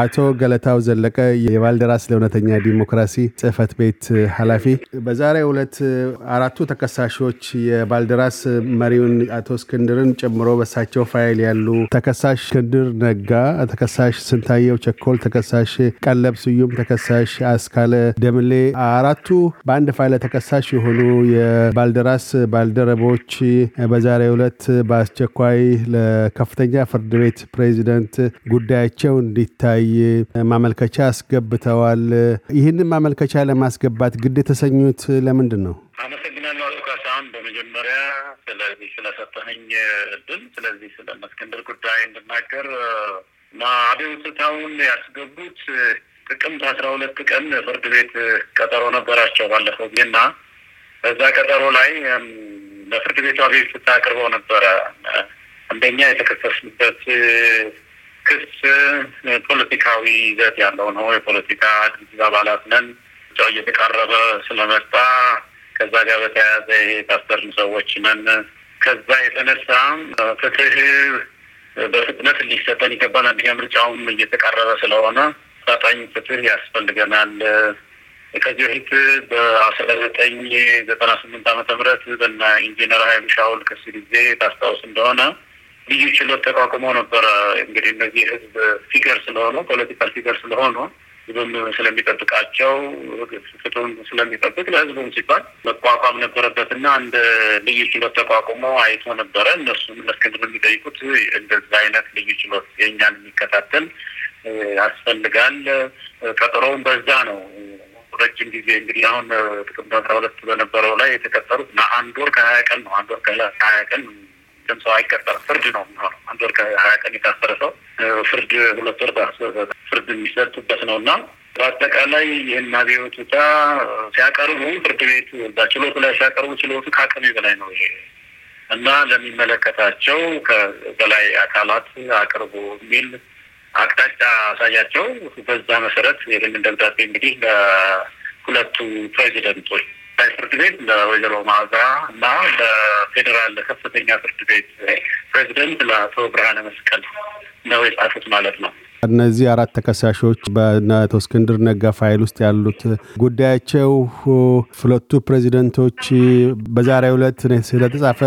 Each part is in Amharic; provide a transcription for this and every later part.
አቶ ገለታው ዘለቀ የባልደራስ ለእውነተኛ ዲሞክራሲ ጽህፈት ቤት ኃላፊ፣ በዛሬ ሁለት አራቱ ተከሳሾች የባልደራስ መሪውን አቶ እስክንድርን ጨምሮ በሳቸው ፋይል ያሉ ተከሳሽ እስክንድር ነጋ፣ ተከሳሽ ስንታየው ቸኮል፣ ተከሳሽ ቀለብ ስዩም፣ ተከሳሽ አስካለ ደምሌ አራቱ በአንድ ፋይል ተከሳሽ የሆኑ የባልደራስ ባልደረቦች በዛሬ ሁለት በአስቸኳይ ለከፍተኛ ፍርድ ቤት ፕሬዚደንት ጉዳያቸው እንዲታይ ማመልከቻ አስገብተዋል። ይህንን ማመልከቻ ለማስገባት ግድ የተሰኙት ለምንድን ነው? አመሰግናለሁ ካሳሁን፣ በመጀመሪያ ስለዚህ ስለሰጠኸኝ እድል ስለዚህ ስለ እስክንድር ጉዳይ እንድናገር አቤቱታውን ያስገቡት ጥቅምት አስራ ሁለት ቀን ፍርድ ቤት ቀጠሮ ነበራቸው ባለፈው እና በዛ ቀጠሮ ላይ ለፍርድ ቤቱ አቤቱታ አቅርበው ነበረ። አንደኛ የተከሰስንበት ክስ ፖለቲካዊ ይዘት ያለው ነው። የፖለቲካ ድርጅት አባላት ነን ጫው እየተቃረበ ስለመጣ ከዛ ጋር በተያያዘ የታሰርን ሰዎች ነን። ከዛ የተነሳ ፍትህ በፍጥነት ሊሰጠን ይገባናል። ምርጫውም እየተቃረበ ስለሆነ አፋጣኝ ፍትህ ያስፈልገናል። ከዚህ በፊት በአስራ ዘጠኝ ዘጠና ስምንት ዓመተ ምህረት በና ኢንጂነር ሀይሉ ሻውል ክስ ጊዜ ታስታውስ እንደሆነ ልዩ ችሎት ተቋቁሞ ነበረ። እንግዲህ እነዚህ ህዝብ ፊገር ስለሆኑ ፖለቲካል ፊገር ስለሆኑ ህዝብም ስለሚጠብቃቸው ፍትሁን ስለሚጠብቅ ለህዝቡም ሲባል መቋቋም ነበረበት እና እንደ ልዩ ችሎት ተቋቁሞ አይቶ ነበረ። እነሱም ለእስክንድር የሚጠይቁት እንደዛ አይነት ልዩ ችሎት የእኛን የሚከታተል ያስፈልጋል። ቀጠሮውን በዛ ነው። ረጅም ጊዜ እንግዲህ አሁን ጥቅምት አስራ ሁለት በነበረው ላይ የተቀጠሩት እና አንድ ወር ከሀያ ቀን ነው። አንድ ወር ከሀያ ቀን ሁሉም ሰው አይቀጠር፣ ፍርድ ነው የሚሆነው። አንድ ወር ከሀያ ቀን የታሰረ ሰው ፍርድ ሁለት ወር ፍርድ የሚሰጡበት ነው እና በአጠቃላይ ይህን ታ ሲያቀርቡ ፍርድ ቤቱ እዛ ችሎቱ ላይ ሲያቀርቡ ችሎቱ ከአቅሜ በላይ ነው ይሄ እና ለሚመለከታቸው ከበላይ አካላት አቅርቡ የሚል አቅጣጫ አሳያቸው። በዛ መሰረት ይህንን ደብዳቤ እንግዲህ ለሁለቱ ፕሬዚደንቶች ላይ ፍርድ ቤት ለወይዘሮ ማዛ እና ለፌዴራል ከፍተኛ ፍርድ ቤት ፕሬዚደንት ለአቶ ብርሃነ መስቀል ነው የጻፉት ማለት ነው። እነዚህ አራት ተከሳሾች በአቶ እስክንድር ነጋ ፋይል ውስጥ ያሉት ጉዳያቸው ሁለቱ ፕሬዚደንቶች በዛሬ ዕለት ስለተጻፈ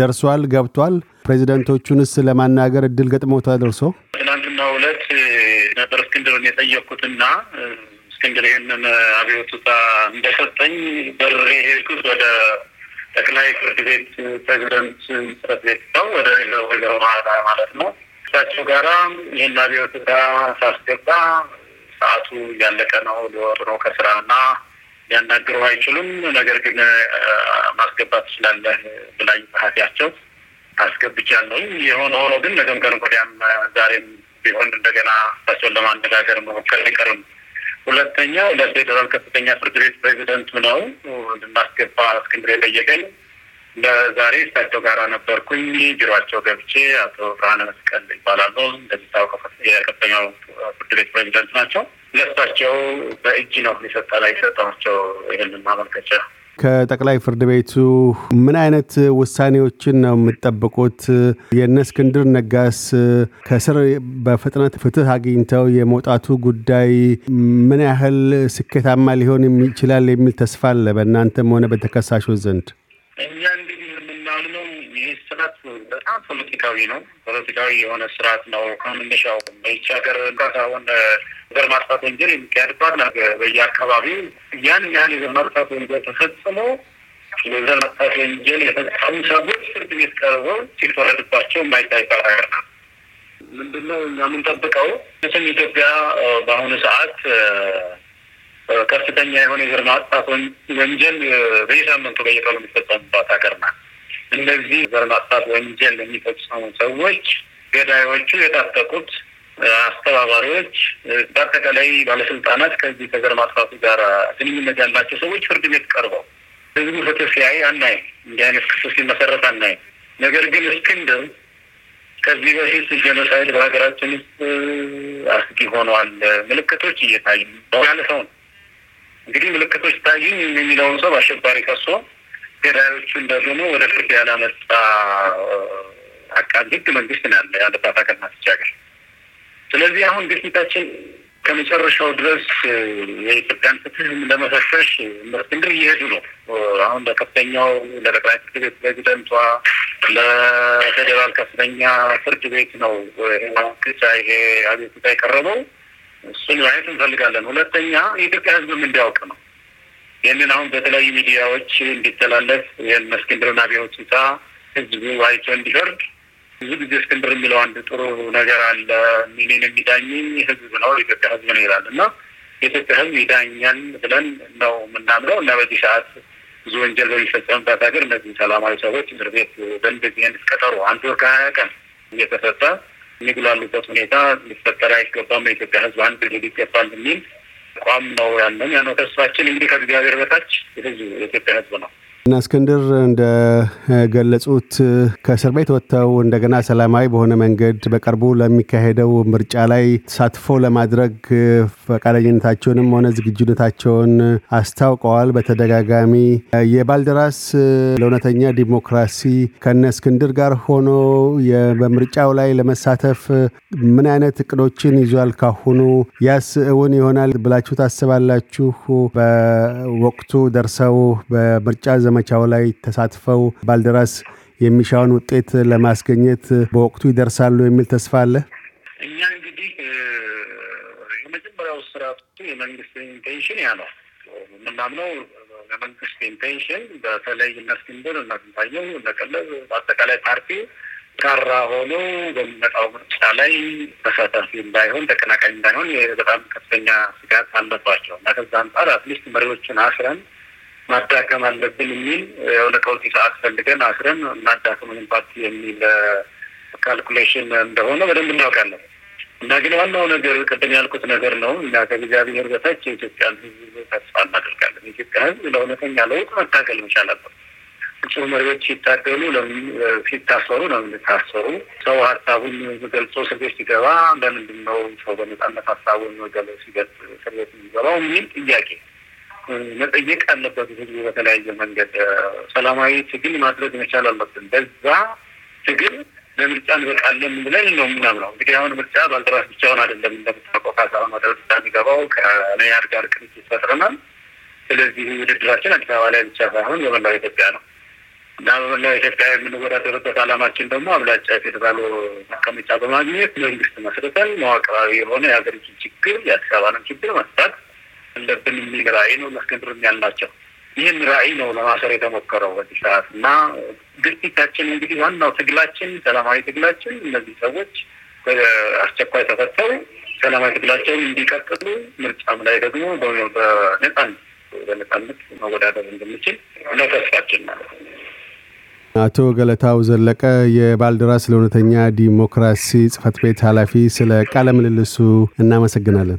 ደርሷል ገብቷል። ፕሬዚደንቶቹንስ ለማናገር እድል ገጥሞታ ደርሶ ትናንትና ዕለት ነበር እስክንድርን የጠየኩትና እንግዲህ ይህንን አብዮቱታ እንደሰጠኝ በር የሄድኩት ወደ ጠቅላይ ፍርድ ቤት ፕሬዚደንት ጽሕፈት ቤት ነው፣ ወደ ወይዘሮ ማለት ነው። እሳቸው ጋራ ይህን አብዮቱታ ሳስገባ ሰዓቱ እያለቀ ነው፣ ሊወጡ ነው ከስራ እና ሊያናግሩ አይችሉም፣ ነገር ግን ማስገባት ትችላለህ ብላኝ ጸሐፊያቸው አስገብቻለሁ። የሆነ ሆኖ ግን ነገም ቀን ወዲያም ዛሬም ቢሆን እንደገና እሳቸውን ለማነጋገር መሞከር አይቀርም። ሁለተኛው ለፌዴራል ከፍተኛ ፍርድ ቤት ፕሬዚደንት ነው እንድናስገባ እስክንድር የጠየቀኝ። ለዛሬ እሳቸው ጋራ ነበርኩኝ። ቢሮቸው ገብቼ አቶ ብርሃነ መስቀል ይባላሉ። እንደሚታወቀው የከፍተኛው ፍርድ ቤት ፕሬዚደንት ናቸው። ለእሳቸው በእጅ ነው የሰጠ ላይ ሰጠናቸው ይህንን ማመልከቻ ከጠቅላይ ፍርድ ቤቱ ምን አይነት ውሳኔዎችን ነው የምጠብቁት? የነ እስክንድር ነጋስ ከስር በፍጥነት ፍትህ አግኝተው የመውጣቱ ጉዳይ ምን ያህል ስኬታማ ሊሆን ይችላል የሚል ተስፋ አለ በእናንተም ሆነ በተከሳሾች ዘንድ? ፖለቲካዊ ነው። ፖለቲካዊ የሆነ ስርዓት ነው። ከመነሻው ይች ሀገር ሳሆን ዘር ማጥፋት ወንጀል የሚካሄድባት ነ በየአካባቢው ያን ያህል የዘር ማጥፋት ወንጀል ተፈጽሞ የዘር ማጥፋት ወንጀል የፈጸሙ ሰዎች ፍርድ ቤት ቀርበው ሲፈረድባቸው የማይታይባት ሀገር ነው። ምንድነው እኛ የምንጠብቀው? ስም ኢትዮጵያ በአሁኑ ሰዓት ከፍተኛ የሆነ የዘር ማጥፋት ወንጀል በየሳምንቱ በየቀሉ የሚፈጸምባት ሀገር ናት። እነዚህ ዘር ማጥፋት ወንጀል የሚፈጽሙ ሰዎች ገዳዮቹ የታጠቁት አስተባባሪዎች በአጠቃላይ ባለስልጣናት ከዚህ ከዘር ማጥፋቱ ጋር ግንኙነት ያላቸው ሰዎች ፍርድ ቤት ቀርበው ህዝቡ ፍትህ ሲያይ አናይም። እንዲህ አይነት ክሱ ሲመሰረት አናይም። ነገር ግን እስክንድር ከዚህ በፊት ጀኖሳይድ በሀገራችን ውስጥ አስጊ ሆኗል፣ ምልክቶች እየታዩ ያለ ሰው ነው። እንግዲህ ምልክቶች ታዩኝ የሚለውን ሰው በአሸባሪ ከሶ ገዳዮቹን ደግሞ ወደ ፍርድ ያላመጣ አቃቤ ህግ መንግስት ነው ያለ ያለባት አገርና ሀገር። ስለዚህ አሁን ግፊታችን ከመጨረሻው ድረስ የኢትዮጵያን ፍትህ ለመፈተሽ እስክንድር እየሄዱ ነው። አሁን ለከፍተኛው ለጠቅላይ ፍርድ ቤት ፕሬዚደንቷ፣ ለፌዴራል ከፍተኛ ፍርድ ቤት ነው ግቻ ይሄ አቤቱታ የቀረበው። እሱን ማየት እንፈልጋለን። ሁለተኛ የኢትዮጵያ ሕዝብም እንዲያውቅ ነው ይህንን አሁን በተለያዩ ሚዲያዎች እንዲተላለፍ የእስክንድርና አብዮት ሁኔታ ህዝቡ አይቶ እንዲፈርድ ብዙ ጊዜ እስክንድር የሚለው አንድ ጥሩ ነገር አለ። እኔን የሚዳኝ ህዝብ ነው የኢትዮጵያ ህዝብ ነው ይላል እና የኢትዮጵያ ህዝብ ይዳኛል ብለን ነው የምናምነው እና በዚህ ሰዓት ብዙ ወንጀል በሚፈጸምበት ሀገር እነዚህ ሰላማዊ ሰዎች እስር ቤት በእንደዚህ አይነት ቀጠሮ አንድ ወር ከሀያ ቀን እየተሰጠ የሚጉላሉበት ሁኔታ ሊፈጠር አይገባም። የኢትዮጵያ ህዝብ አንድ ሊል ይገባል የሚል አቋም ነው ያለን። ያነው ተስፋችን እንግዲህ ከእግዚአብሔር በታች ህዝብ የኢትዮጵያ ህዝብ ነው። እና እስክንድር እንደገለጹት ከእስር ቤት ወጥተው እንደገና ሰላማዊ በሆነ መንገድ በቅርቡ ለሚካሄደው ምርጫ ላይ ተሳትፎ ለማድረግ ፈቃደኝነታቸውንም ሆነ ዝግጁነታቸውን አስታውቀዋል። በተደጋጋሚ የባልደራስ ለእውነተኛ ዲሞክራሲ ከነ እስክንድር ጋር ሆኖ በምርጫው ላይ ለመሳተፍ ምን አይነት እቅዶችን ይዟል? ካሁኑ ያስ እውን ይሆናል ብላችሁ ታስባላችሁ? በወቅቱ ደርሰው በምርጫ ዘመቻው ላይ ተሳትፈው ባልደራስ የሚሻውን ውጤት ለማስገኘት በወቅቱ ይደርሳሉ የሚል ተስፋ አለ። እኛ እንግዲህ የመጀመሪያው ስራቱ የመንግስት ኢንቴንሽን ያ ነው የምናምነው። የመንግስት ኢንቴንሽን በተለይ እነ እስክንድር እነ ስንታየሁ በአጠቃላይ ፓርቲ ጠንካራ ሆኖ በሚመጣው ምርጫ ላይ ተሳታፊ እንዳይሆን ተቀናቃኝ እንዳይሆን በጣም ከፍተኛ ስጋት አለባቸው እና ከዛ አንጻር አትሊስት መሪዎችን አስረን ማዳከም አለብን የሚል የሆነ ቀውጢ ሰዓት ፈልገን አስረን እናዳክመን ኢምፓክት የሚል ካልኩሌሽን እንደሆነ በደንብ እናውቃለን። እና ግን ዋናው ነገር ቅድም ያልኩት ነገር ነው። እና ከእግዚአብሔር በታች የኢትዮጵያን ሕዝብ ተስፋ እናደርጋለን። ኢትዮጵያ ሕዝብ ለእውነተኛ ለውጥ መታገል መቻል አለበት። እጩ መሪዎች ሲታገሉ ሲታሰሩ ነው የምንታሰሩ። ሰው ሀሳቡን ገልጾ እስር ቤት ሲገባ ለምንድን ነው ሰው በነጻነት ሀሳቡን ገለ ሲገልጽ እስር ቤት የሚገባው የሚል ጥያቄ መጠየቅ አለበት። ህዝቡ በተለያየ መንገድ ሰላማዊ ትግል ማድረግ መቻል አለብን። በዛ ትግል ለምርጫ እንበቃለን ብለን ነው የምናምነው። እንግዲህ አሁን ምርጫ ባልደራስ ብቻውን አይደለም። እንደምታውቀው ካሳሁን ወደ ምርጫ የሚገባው ከመያድ ጋር ቅንጅት ፈጥረናል። ስለዚህ ውድድራችን አዲስ አበባ ላይ ብቻ ሳይሆን በመላው ኢትዮጵያ ነው እና በመላው ኢትዮጵያ የምንወዳደርበት አላማችን ደግሞ አብላጫ የፌዴራሉ መቀመጫ በማግኘት መንግስት መስርተን መዋቅራዊ የሆነ የሀገሪቱን ችግር የአዲስ አበባንም ችግር መፍታት አለብን የሚል ራዕይ ነው እስክንድርም ያልናቸው። ይህን ራዕይ ነው ለማሰር የተሞከረው በዚህ ሰዓት እና ድርጊታችን እንግዲህ ዋናው ትግላችን፣ ሰላማዊ ትግላችን እነዚህ ሰዎች አስቸኳይ ተፈተው ሰላማዊ ትግላቸውን እንዲቀጥሉ ምርጫም ላይ ደግሞ በነጻነት በነጻነት መወዳደር እንደምችል ነው ተስፋችን ማለት ነው። አቶ ገለታው ዘለቀ የባልደራስ ለእውነተኛ ዲሞክራሲ ጽህፈት ቤት ኃላፊ፣ ስለ ቃለ ምልልሱ እናመሰግናለን።